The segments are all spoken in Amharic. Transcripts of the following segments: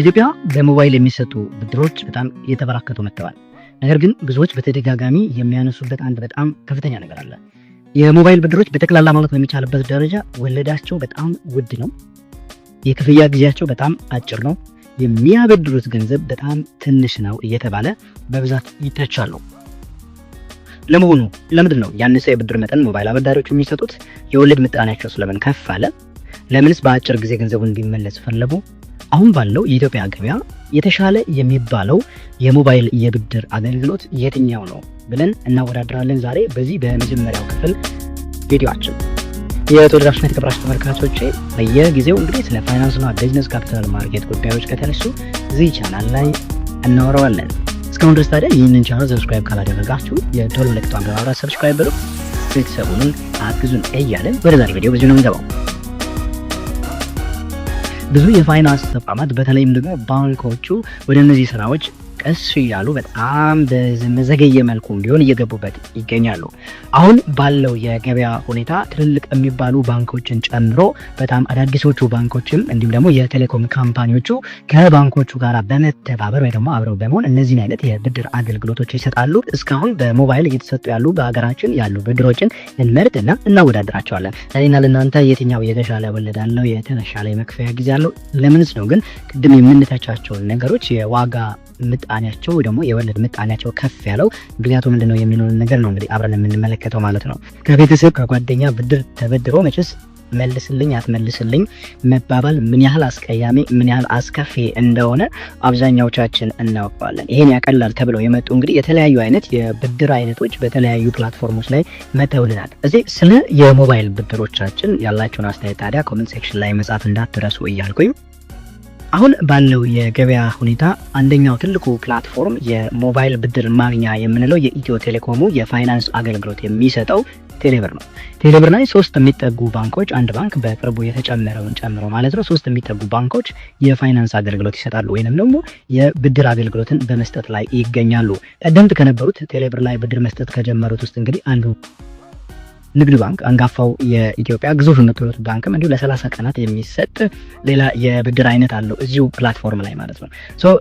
ኢትዮጵያ በሞባይል የሚሰጡ ብድሮች በጣም እየተበራከቱ መጥተዋል። ነገር ግን ብዙዎች በተደጋጋሚ የሚያነሱበት አንድ በጣም ከፍተኛ ነገር አለ። የሞባይል ብድሮች በጠቅላላ ማለት በሚቻልበት ደረጃ ወለዳቸው በጣም ውድ ነው። የክፍያ ጊዜያቸው በጣም አጭር ነው። የሚያበድሩት ገንዘብ በጣም ትንሽ ነው እየተባለ በብዛት ይተቻሉ። ለመሆኑ ለምንድን ነው ያነሰ የብድር መጠን ሞባይል አበዳሪዎች የሚሰጡት? የወለድ ምጣኔያቸው ስለምን ከፍ አለ? ለምንስ በአጭር ጊዜ ገንዘቡን እንዲመለስ ፈለጉ? አሁን ባለው የኢትዮጵያ ገበያ የተሻለ የሚባለው የሞባይል የብድር አገልግሎት የትኛው ነው ብለን እናወዳድራለን። ዛሬ በዚህ በመጀመሪያው ክፍል ቪዲዮአችን የተወደዳችሁና የተከበራችሁ ተመልካቾች በየጊዜው እንግዲህ ስለ ፋይናንስና ቢዝነስ ካፒታል ማርኬት ጉዳዮች ከተነሱ እዚህ ቻናል ላይ እናወረዋለን እስካሁን ድረስ ታዲያ ይህንን ቻናል ሰብስክራይብ ካላደረጋችሁ የደወል ምልክቷን በማብራት ሰብስክራይብ ብሎ ቤተሰቡንም አግዙን እያለን ወደ ዛሬ ቪዲዮ በዚሁ ነው የምንገባው። ብዙ የፋይናንስ ተቋማት በተለይም ደግሞ ባንኮቹ ወደ እነዚህ ስራዎች ቀስ እያሉ በጣም በዘገየ መልኩ እንዲሆን እየገቡበት ይገኛሉ። አሁን ባለው የገበያ ሁኔታ ትልልቅ የሚባሉ ባንኮችን ጨምሮ በጣም አዳዲሶቹ ባንኮችም እንዲሁም ደግሞ የቴሌኮም ካምፓኒዎቹ ከባንኮቹ ጋር በመተባበር ወይ ደግሞ አብረው በመሆን እነዚህን አይነት የብድር አገልግሎቶች ይሰጣሉ። እስካሁን በሞባይል እየተሰጡ ያሉ በሀገራችን ያሉ ብድሮችን ልንመርጥ እና እናወዳድራቸዋለን። ለእኔና ለእናንተ የትኛው የተሻለ ወለድ አለው? የተሻለ የመክፈያ ጊዜ አለው? ለምንስ ነው ግን ቅድም የምንተቻቸውን ነገሮች የዋጋ ምጣ ምጣኔያቸው ወይ ደግሞ የወለድ ምጣኔያቸው ከፍ ያለው ምክንያቱ ምንድነው የሚለውን ነገር ነው እንግዲህ አብረን የምንመለከተው ማለት ነው። ከቤተሰብ ከጓደኛ ብድር ተበድሮ መቼስ መልስልኝ አትመልስልኝ መባባል ምን ያህል አስቀያሚ ምን ያህል አስከፊ እንደሆነ አብዛኛዎቻችን እናውቀዋለን። ይሄን ያቀላል ተብለው የመጡ እንግዲህ የተለያዩ አይነት የብድር አይነቶች በተለያዩ ፕላትፎርሞች ላይ መተውልናል። እዚህ ስለ የሞባይል ብድሮቻችን ያላቸውን አስተያየት ታዲያ ኮመንት ሴክሽን ላይ መጻፍ እንዳትረሱ እያልኩኝ አሁን ባለው የገበያ ሁኔታ አንደኛው ትልቁ ፕላትፎርም የሞባይል ብድር ማግኛ የምንለው የኢትዮ ቴሌኮሙ የፋይናንስ አገልግሎት የሚሰጠው ቴሌብር ነው። ቴሌብር ላይ ሶስት የሚጠጉ ባንኮች አንድ ባንክ በቅርቡ የተጨመረውን ጨምሮ ማለት ነው ሶስት የሚጠጉ ባንኮች የፋይናንስ አገልግሎት ይሰጣሉ ወይንም ደግሞ የብድር አገልግሎትን በመስጠት ላይ ይገኛሉ። ቀደምት ከነበሩት ቴሌብር ላይ ብድር መስጠት ከጀመሩት ውስጥ እንግዲህ አንዱ ንግድ ባንክ አንጋፋው የኢትዮጵያ ግዙፍ የምትሉት ባንክም እንዲሁ ለሰላሳ ቀናት የሚሰጥ ሌላ የብድር አይነት አለው እዚሁ ፕላትፎርም ላይ ማለት ነው።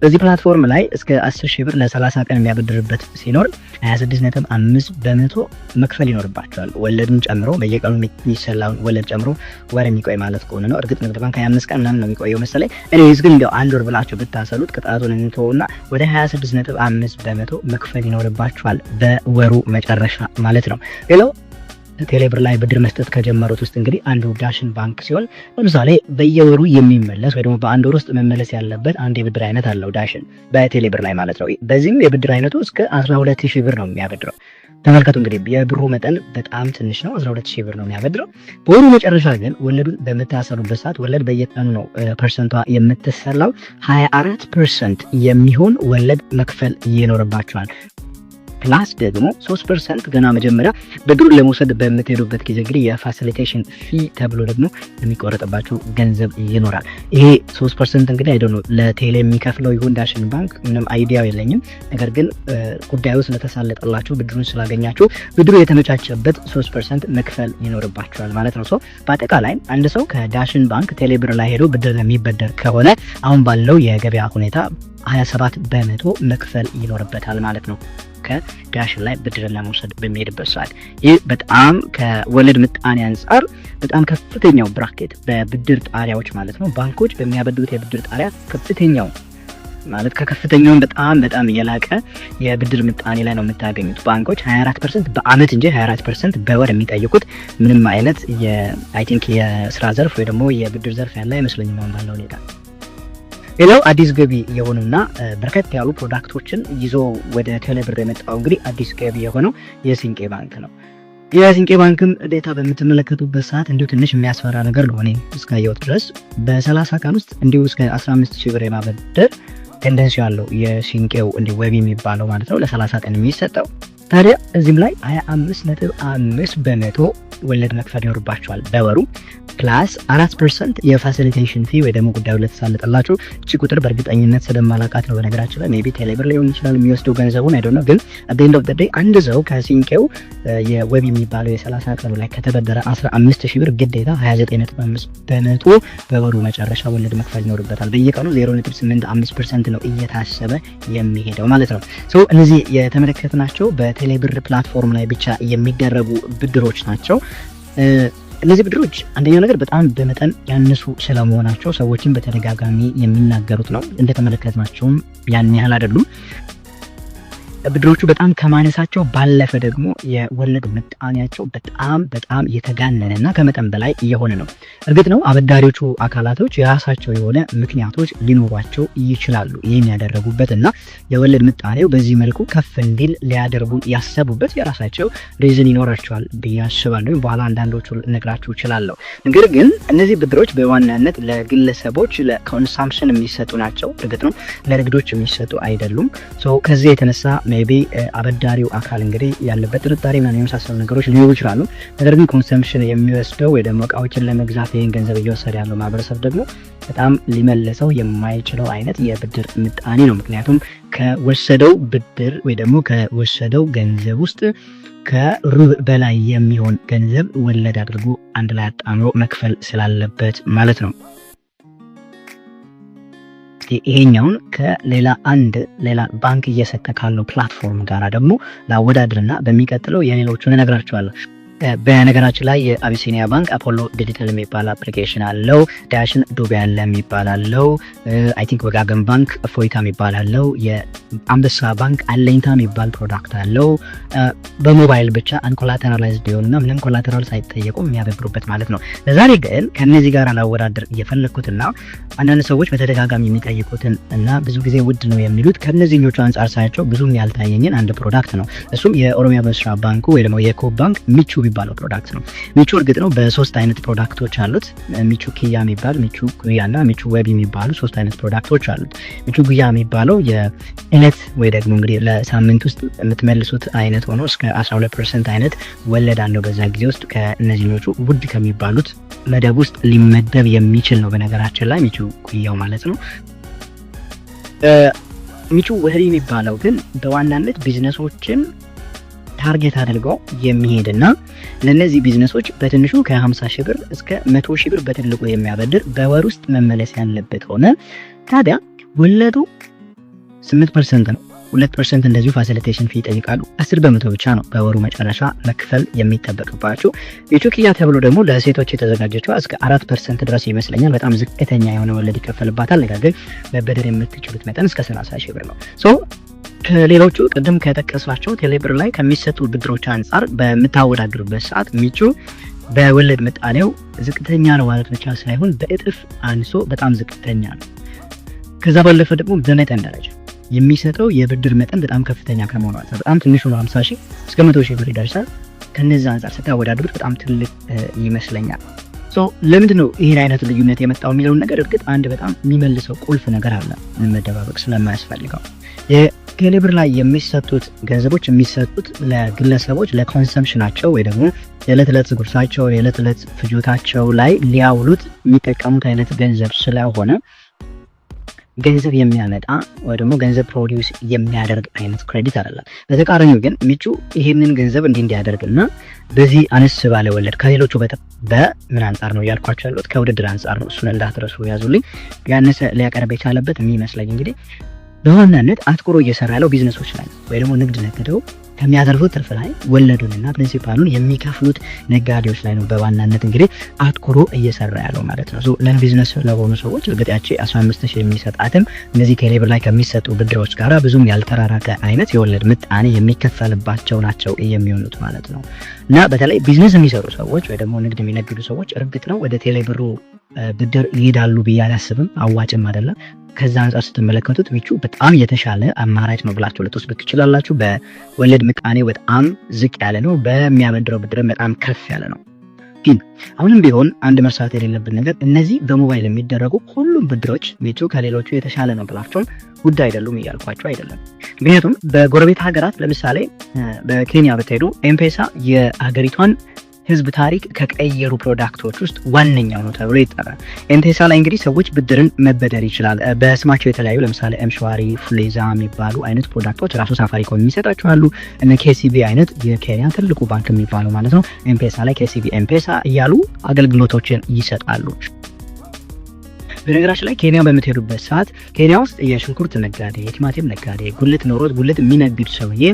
እዚህ ፕላትፎርም ላይ እስከ 10 ሺህ ብር ለ30 ቀን የሚያበድርበት ሲኖር 26.5 በመቶ መክፈል ይኖርባቸዋል ወለድን ጨምሮ በየቀኑ የሚሰላውን ወለድ ጨምሮ ወር የሚቆይ ማለት ከሆነ ነው። እርግጥ ንግድ ባንክ 25 ቀን ምናምን ነው የሚቆየው መሰለኝ። እኔስ ግን እንዲያው አንድ ወር ብላቸው ብታሰሉት ቅጣቱን እንተውና ወደ 26.5 በመቶ መክፈል ይኖርባቸዋል በወሩ መጨረሻ ማለት ነው ሌላው ቴሌብር ላይ ብድር መስጠት ከጀመሩት ውስጥ እንግዲህ አንዱ ዳሽን ባንክ ሲሆን ለምሳሌ በየወሩ የሚመለስ ወይ ደግሞ በአንድ ወር ውስጥ መመለስ ያለበት አንድ የብድር አይነት አለው ዳሽን በቴሌብር ላይ ማለት ነው። በዚህም የብድር አይነቱ እስከ 12 ሺህ ብር ነው የሚያበድረው። ተመልከቱ እንግዲህ የብሩ መጠን በጣም ትንሽ ነው፣ 12 ሺህ ብር ነው የሚያበድረው። በወሩ መጨረሻ ግን ወለዱን በምታሰሩበት ሰዓት ወለድ በየቀኑ ነው ፐርሰንቷ የምትሰላው፣ 24 ፐርሰንት የሚሆን ወለድ መክፈል ይኖርባቸዋል። ፕላስ ደግሞ 3 ፐርሰንት ገና መጀመሪያ ብድሩን ለመውሰድ በምትሄዱበት ጊዜ እንግዲህ የፋሲሊቴሽን ፊ ተብሎ ደግሞ የሚቆረጥባቸው ገንዘብ ይኖራል። ይሄ 3 ፐርሰንት እንግዲህ አይደ ነው ለቴሌ የሚከፍለው ይሁን ዳሽን ባንክ ምንም አይዲያ የለኝም። ነገር ግን ጉዳዩ ስለተሳለጠላችሁ ብድሩን ስላገኛችሁ ብድሩ የተመቻቸበት 3 ፐርሰንት መክፈል ይኖርባቸዋል ማለት ነው። በአጠቃላይ አንድ ሰው ከዳሽን ባንክ ቴሌ ብር ላይ ሄዶ ብድር የሚበደር ከሆነ አሁን ባለው የገበያ ሁኔታ 27 በመቶ መክፈል ይኖርበታል ማለት ነው። ከዳሽን ላይ ብድርን ለመውሰድ በሚሄድበት ሰዓት ይህ በጣም ከወለድ ምጣኔ አንጻር በጣም ከፍተኛው ብራኬት በብድር ጣሪያዎች ማለት ነው ባንኮች በሚያበድሩት የብድር ጣሪያ ከፍተኛው ማለት ከከፍተኛውን በጣም በጣም የላቀ የብድር ምጣኔ ላይ ነው የምታገኙት። ባንኮች 24 ፐርሰንት በአመት እንጂ 24 ፐርሰንት በወር የሚጠይቁት ምንም አይነት አይ ቲንክ የስራ ዘርፍ ወይ ደግሞ የብድር ዘርፍ ያለ አይመስለኝም ባለው ሁኔታ ሌላው አዲስ ገቢ የሆኑና በርከት ያሉ ፕሮዳክቶችን ይዞ ወደ ቴሌብር የመጣው እንግዲህ አዲስ ገቢ የሆነው የሲንቄ ባንክ ነው። የሲንቄ ባንክም ዴታ በምትመለከቱበት ሰዓት እንዲሁ ትንሽ የሚያስፈራ ነገር ለሆነ እኔ እስካየሁት ድረስ በ30 ቀን ውስጥ እንዲሁ እስከ 15 ሺህ ብር የማበደር ቴንደንሲ አለው የሲንቄው እንዲህ ዌብ የሚባለው ማለት ነው ለ30 ቀን የሚሰጠው ታዲያ እዚህም ላይ 25 ነጥብ 5 በመቶ ወለድ መክፈል ይኖርባቸዋል በወሩ ፕላስ አራት ፐርሰንት የፋሲሊቴሽን ፊ ወይ ደግሞ ጉዳዩ ለተሳለጠላቸው እቺ ቁጥር በእርግጠኝነት ስለማላቃት ነው። በነገራችን ላይ ቢ ቴሌብር ሊሆን ይችላል የሚወስደው ገንዘቡን አይደ ነው። ግን አደንድ ኦፍ ደይ አንድ ሰው ከሲንቄው የዌብ የሚባለው የ30 ቀኑ ላይ ከተበደረ 15 ሺ ብር ግዴታ 29.5 በመቶ በወሩ መጨረሻ ወለድ መክፈል ይኖርበታል። በየቀኑ 0.85 ፐርሰንት ነው እየታሰበ የሚሄደው ማለት ነው። እነዚህ የተመለከትናቸው በ በቴሌብር ፕላትፎርም ላይ ብቻ የሚደረጉ ብድሮች ናቸው። እነዚህ ብድሮች አንደኛው ነገር በጣም በመጠን ያነሱ ስለመሆናቸው ሰዎችን በተደጋጋሚ የሚናገሩት ነው። እንደተመለከትናቸውም ያን ያህል አይደሉም። ብድሮቹ በጣም ከማነሳቸው ባለፈ ደግሞ የወለድ ምጣኔያቸው በጣም በጣም የተጋነነ እና ከመጠን በላይ እየሆነ ነው። እርግጥ ነው አበዳሪዎቹ አካላቶች የራሳቸው የሆነ ምክንያቶች ሊኖሯቸው ይችላሉ። ይህም ያደረጉበት እና የወለድ ምጣኔው በዚህ መልኩ ከፍ እንዲል ሊያደርጉ ያሰቡበት የራሳቸው ሪዝን ይኖራቸዋል ብዬ አስባለሁ። በኋላ አንዳንዶቹ ነግራችሁ እችላለሁ። ነገር ግን እነዚህ ብድሮች በዋናነት ለግለሰቦች ለኮንሳምፕሽን የሚሰጡ ናቸው። እርግጥ ነው ለንግዶች የሚሰጡ አይደሉም። ከዚህ የተነሳ ሜቢ eh, አበዳሪው አካል እንግዲህ ያለበት ጥርጣሬ ምናምን የመሳሰሉ ነገሮች ሊኖሩ ይችላሉ። ነገር ግን ኮንሰምፕሽን የሚወስደው ወይ ደግሞ እቃዎችን ለመግዛት ይህን ገንዘብ እየወሰደ ያለው ማህበረሰብ ደግሞ በጣም ሊመለሰው የማይችለው አይነት የብድር ምጣኔ ነው። ምክንያቱም ከወሰደው ብድር ወይ ደግሞ ከወሰደው ገንዘብ ውስጥ ከሩብ በላይ የሚሆን ገንዘብ ወለድ አድርጎ አንድ ላይ አጣምሮ መክፈል ስላለበት ማለት ነው። እስኪ ይሄኛውን ከሌላ አንድ ሌላ ባንክ እየሰጠ ካለው ፕላትፎርም ጋር ደግሞ ላወዳድርና በሚቀጥለው የሌሎቹን እነግራቸዋለሁ። በነገራችን ላይ የአቢሲኒያ ባንክ አፖሎ ዲጂታል የሚባል አፕሊኬሽን አለው። ዳሽን ዱቤ ያለ የሚባል አለው። አይ ቲንክ ወጋገን ባንክ ፎይታ የሚባል አለው። የአንበሳ ባንክ አለኝታ የሚባል ፕሮዳክት አለው። በሞባይል ብቻ አንኮላተራላይዝድ የሆኑና ምንም ኮላተራል ሳይጠየቁ የሚያገብሩበት ማለት ነው። ለዛሬ ግን ከእነዚህ ጋር ላወዳደር እየፈለግኩትና አንዳንድ ሰዎች በተደጋጋሚ የሚጠይቁትን እና ብዙ ጊዜ ውድ ነው የሚሉት ከእነዚህኞቹ አንጻር ሳያቸው ብዙም ያልታየኝን አንድ ፕሮዳክት ነው። እሱም የኦሮሚያ በስራ ባንኩ ወይ ደግሞ የኮብ ባንክ ሚቹ የሚባለው ፕሮዳክት ነው። ሚቹ እርግጥ ነው በሶስት አይነት ፕሮዳክቶች አሉት። ሚቹ ኪያ የሚባል ሚቹ ጉያ እና ሚቹ ዌብ የሚባሉ ሶስት አይነት ፕሮዳክቶች አሉት። ሚቹ ጉያ የሚባለው የእለት ወይ ደግሞ እንግዲህ ለሳምንት ውስጥ የምትመልሱት አይነት ሆኖ እስከ 12 ፐርሰንት አይነት ወለድ አለው በዛ ጊዜ ውስጥ ከእነዚህኞቹ ውድ ከሚባሉት መደብ ውስጥ ሊመደብ የሚችል ነው። በነገራችን ላይ ሚቹ ጉያው ማለት ነው። ሚቹ ወህሪ የሚባለው ግን በዋናነት ቢዝነሶችን ታርጌት አድርገው የሚሄድና ለእነዚህ ቢዝነሶች በትንሹ ከ50 ሺህ ብር እስከ 100 ሺህ ብር በትልቁ የሚያበድር በወር ውስጥ መመለስ ያለበት ሆነ። ታዲያ ወለዱ 8 ፐርሰንት ነው። ሁለት ፐርሰንት እንደዚሁ ፋሲሊቴሽን ፊ ይጠይቃሉ። አስር በመቶ ብቻ ነው በወሩ መጨረሻ መክፈል የሚጠበቅባቸው። የቹክያ ተብሎ ደግሞ ለሴቶች የተዘጋጀችው እስከ 4 ፐርሰንት ድረስ ይመስለኛል በጣም ዝቅተኛ የሆነ ወለድ ይከፈልባታል። ነገር ግን መበደር የምትችሉት መጠን እስከ 30 ሺህ ብር ነው። ከሌሎቹ ቅድም ከጠቀሷቸው ቴሌብር ላይ ከሚሰጡ ብድሮች አንጻር በምታወዳድሩበት ሰዓት ሚጩ በወለድ ምጣኔው ዝቅተኛ ነው ማለት ብቻ ሳይሆን በእጥፍ አንሶ በጣም ዝቅተኛ ነው። ከዛ ባለፈ ደግሞ በመጠን ደረጃ የሚሰጠው የብድር መጠን በጣም ከፍተኛ ከመሆኑ አንጻር በጣም ትንሹ ነው 50 ሺህ እስከ 100 ሺህ ብር ይደርሳል። ከነዚህ አንጻር ስታወዳድሩት በጣም ትልቅ ይመስለኛል። ሶ ለምንድን ነው ይህን አይነት ልዩነት የመጣው የሚለውን ነገር እርግጥ አንድ በጣም የሚመልሰው ቁልፍ ነገር አለ። መደባበቅ ስለማያስፈልገው ቴሌ ላይ የሚሰጡት ገንዘቦች የሚሰጡት ለግለሰቦች ለኮንሰምሽናቸው ወይ ደግሞ የዕለት ዕለት ጉርሳቸው የዕለት ዕለት ፍጆታቸው ላይ ሊያውሉት የሚጠቀሙት አይነት ገንዘብ ስለሆነ ገንዘብ የሚያመጣ ወይ ደግሞ ገንዘብ ፕሮዲውስ የሚያደርግ አይነት ክሬዲት አይደለም። በተቃራኒው ግን ሚጩ ይሄንን ገንዘብ እንዲህ እንዲያደርግ እና በዚህ አነስ ባለ ወለድ ከሌሎቹ በምን አንጻር ነው እያልኳቸው ያሉት ከውድድር አንጻር ነው። እሱን እንዳትረሱ ያዙልኝ። ያነሰ ሊያቀርብ የቻለበት የሚመስለኝ እንግዲህ በዋናነት አትኩሮ እየሰራ ያለው ቢዝነሶች ላይ ወይ ደግሞ ንግድ ነግደው ከሚያተርፉት ትርፍ ላይ ወለዱንና ፕሪንሲፓሉን የሚከፍሉት ነጋዴዎች ላይ ነው። በዋናነት እንግዲህ አትኩሮ እየሰራ ያለው ማለት ነው። ቢዝነስ ለሆኑ ሰዎች እርግጥ 15 ሺህ የሚሰጣትም እነዚህ ከሌብር ላይ ከሚሰጡ ብድሮች ጋር ብዙም ያልተራራቀ አይነት የወለድ ምጣኔ የሚከፈልባቸው ናቸው የሚሆኑት ማለት ነው። እና በተለይ ቢዝነስ የሚሰሩ ሰዎች ወይ ደግሞ ንግድ የሚነግዱ ሰዎች እርግጥ ነው ወደ ቴሌብሩ ብድር ይሄዳሉ ብዬ አላስብም። አዋጭም አይደለም። ከዛ አንጻር ስትመለከቱት ዊቹ በጣም የተሻለ አማራጭ ነው ብላችሁ ልትወስዱት ትችላላችሁ። በወለድ ምቃኔ በጣም ዝቅ ያለ ነው፣ በሚያበድረው ብድር በጣም ከፍ ያለ ነው። ግን አሁንም ቢሆን አንድ መርሳት የሌለብን ነገር እነዚህ በሞባይል የሚደረጉ ሁሉም ብድሮች ዊቹ ከሌሎቹ የተሻለ ነው ብላቸውም ውድ አይደሉም እያልኳቸው አይደለም። ምክንያቱም በጎረቤት ሀገራት ለምሳሌ በኬንያ ብትሄዱ ኤምፔሳ የሀገሪቷን ህዝብ ታሪክ ከቀየሩ ፕሮዳክቶች ውስጥ ዋነኛው ነው ተብሎ ይጠራል። ኤምፔሳ ላይ እንግዲህ ሰዎች ብድርን መበደር ይችላል። በስማቸው የተለያዩ ለምሳሌ ኤምሸዋሪ፣ ፉሌዛ የሚባሉ አይነት ፕሮዳክቶች ራሱ ሳፋሪኮም የሚሰጣቸዋሉ። እነ ኬሲቢ አይነት የኬንያ ትልቁ ባንክ የሚባሉ ማለት ነው ኤምፔሳ ላይ ኬሲቢ ኤምፔሳ እያሉ አገልግሎቶችን ይሰጣሉ። በነገራችን ላይ ኬንያ በምትሄዱበት ሰዓት ኬንያ ውስጥ የሽንኩርት ነጋዴ፣ የቲማቲም ነጋዴ፣ ጉልት ኖሮት ጉልት የሚነግድ ሰውዬ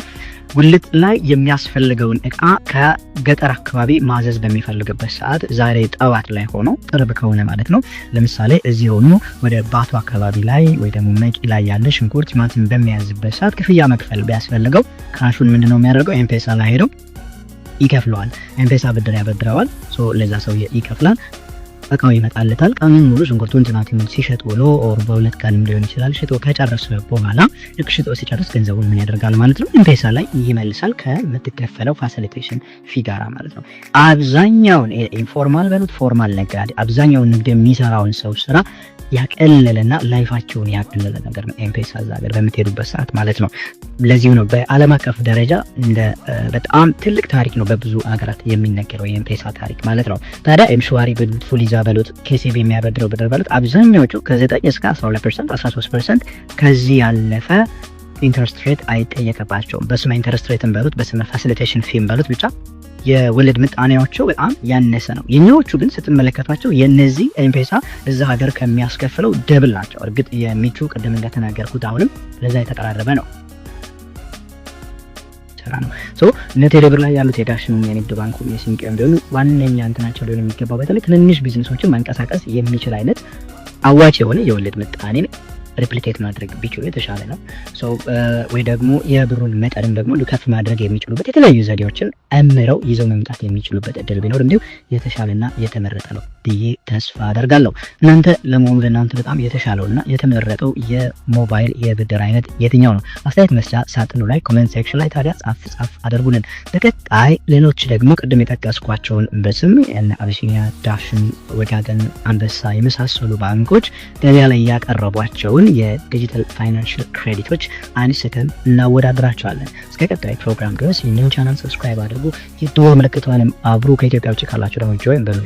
ጉልት ላይ የሚያስፈልገውን እቃ ከገጠር አካባቢ ማዘዝ በሚፈልግበት ሰዓት ዛሬ ጠዋት ላይ ሆኖ ጥርብ ከሆነ ማለት ነው። ለምሳሌ እዚህ ሆኖ ወደ ባቱ አካባቢ ላይ ወይ ደግሞ መቂ ላይ ያለ ሽንኩርት፣ ቲማቲም በሚያዝበት ሰዓት ክፍያ መክፈል ቢያስፈልገው ካሹን ምንድነው የሚያደርገው ኤምፔሳ ላይ ሄደው ይከፍለዋል። ኤምፔሳ ብድር ያበድረዋል። ለዛ ሰው ይከፍላል። እቃው ይመጣለታል። ቀኑን ሙሉ ሽንኩርቱን፣ ቲማቲሙን ሲሸጥ ውሎ ኦር በሁለት ቀንም ሊሆን ይችላል ሽጦ ከጨረሰ በኋላ ልክ ሽጦ ሲጨርስ ገንዘቡን ምን ያደርጋል ማለት ነው ኢምፔሳ ላይ ይመልሳል ከምትከፈለው ፋሲሊቴሽን ፊ ጋራ ማለት ነው። አብዛኛውን ኢንፎርማል በሉት ፎርማል ነጋዴ አብዛኛውን ንግድ የሚሰራውን ሰው ስራ ያቀለለና ላይፋቸውን ያቀለለ ነገር ነው ኤምፔሳ እዛ ሀገር በምትሄዱበት ሰዓት ማለት ነው። ለዚሁ ነው በዓለም አቀፍ ደረጃ እንደ በጣም ትልቅ ታሪክ ነው በብዙ ሀገራት የሚነገረው የኤምፔሳ ታሪክ ማለት ነው። ታዲያ ኤምሸዋሪ ብሉት ፉሊዛ ቪዛ በሉት ኬሲቪ የሚያበድረው ብድር በሉት አብዛኛዎቹ ከ9 እስከ 12 ፐርሰንት 13 ፐርሰንት ከዚህ ያለፈ ኢንተረስት ሬት አይጠየቅባቸውም። በስመ ኢንተረስት ሬትን በሉት በስመ ፋሲሊቴሽን ፊም በሉት ብቻ የወለድ ምጣኔያቸው በጣም ያነሰ ነው። የኛዎቹ ግን ስትመለከቷቸው የነዚህ ኤምፔሳ እዛ ሀገር ከሚያስከፍለው ደብል ናቸው። እርግጥ የሚቹ ቅድም እንደተናገርኩት አሁንም ለዛ የተቀራረበ ነው። ስራ ነው። ሶ እነ ቴሌብር ላይ ያሉት የዳሽኑም የንግድ ባንኩ የሲንቄም ቢሆን ዋነኛ እንትናቸው ሊሆን የሚገባው በተለይ ትንንሽ ቢዝነሶችን ማንቀሳቀስ የሚችል አይነት አዋጭ የሆነ የወለድ ምጣኔ ሪፕሊኬት ማድረግ ቢችሉ የተሻለ ነው። ወይ ደግሞ የብሩን መጠንም ደግሞ ከፍ ማድረግ የሚችሉበት የተለያዩ ዘዴዎችን አምረው ይዘው መምጣት የሚችሉበት እድል ቢኖር እንዲሁ የተሻለና የተመረጠ ነው ብዬ ተስፋ አደርጋለሁ። እናንተ ለመሆኑ ለእናንተ በጣም የተሻለውና የተመረጠው የሞባይል የብድር አይነት የትኛው ነው? አስተያየት መስጫ ሳጥኑ ላይ ኮሜንት ሴክሽን ላይ ታዲያ ጻፍ ጻፍ አድርጉልን። በቀጣይ ሌሎች ደግሞ ቅድም የጠቀስኳቸውን በስም አቢሲኒያ፣ ዳሽን፣ ወጋገን፣ አንበሳ የመሳሰሉ ባንኮች ገበያ ላይ ያቀረቧቸውን የዲጂታል ፋይናንሽል ክሬዲቶች አንስተን እናወዳድራቸዋለን። እስከ ቀጣይ ፕሮግራም ድረስ ይህንን ቻናል ሰብስክራይብ አድርጉ። የዶላር ምልክቷንም አብሮ ከኢትዮጵያ ውጭ ካላችሁ ደግሞ ጆይን በሉ።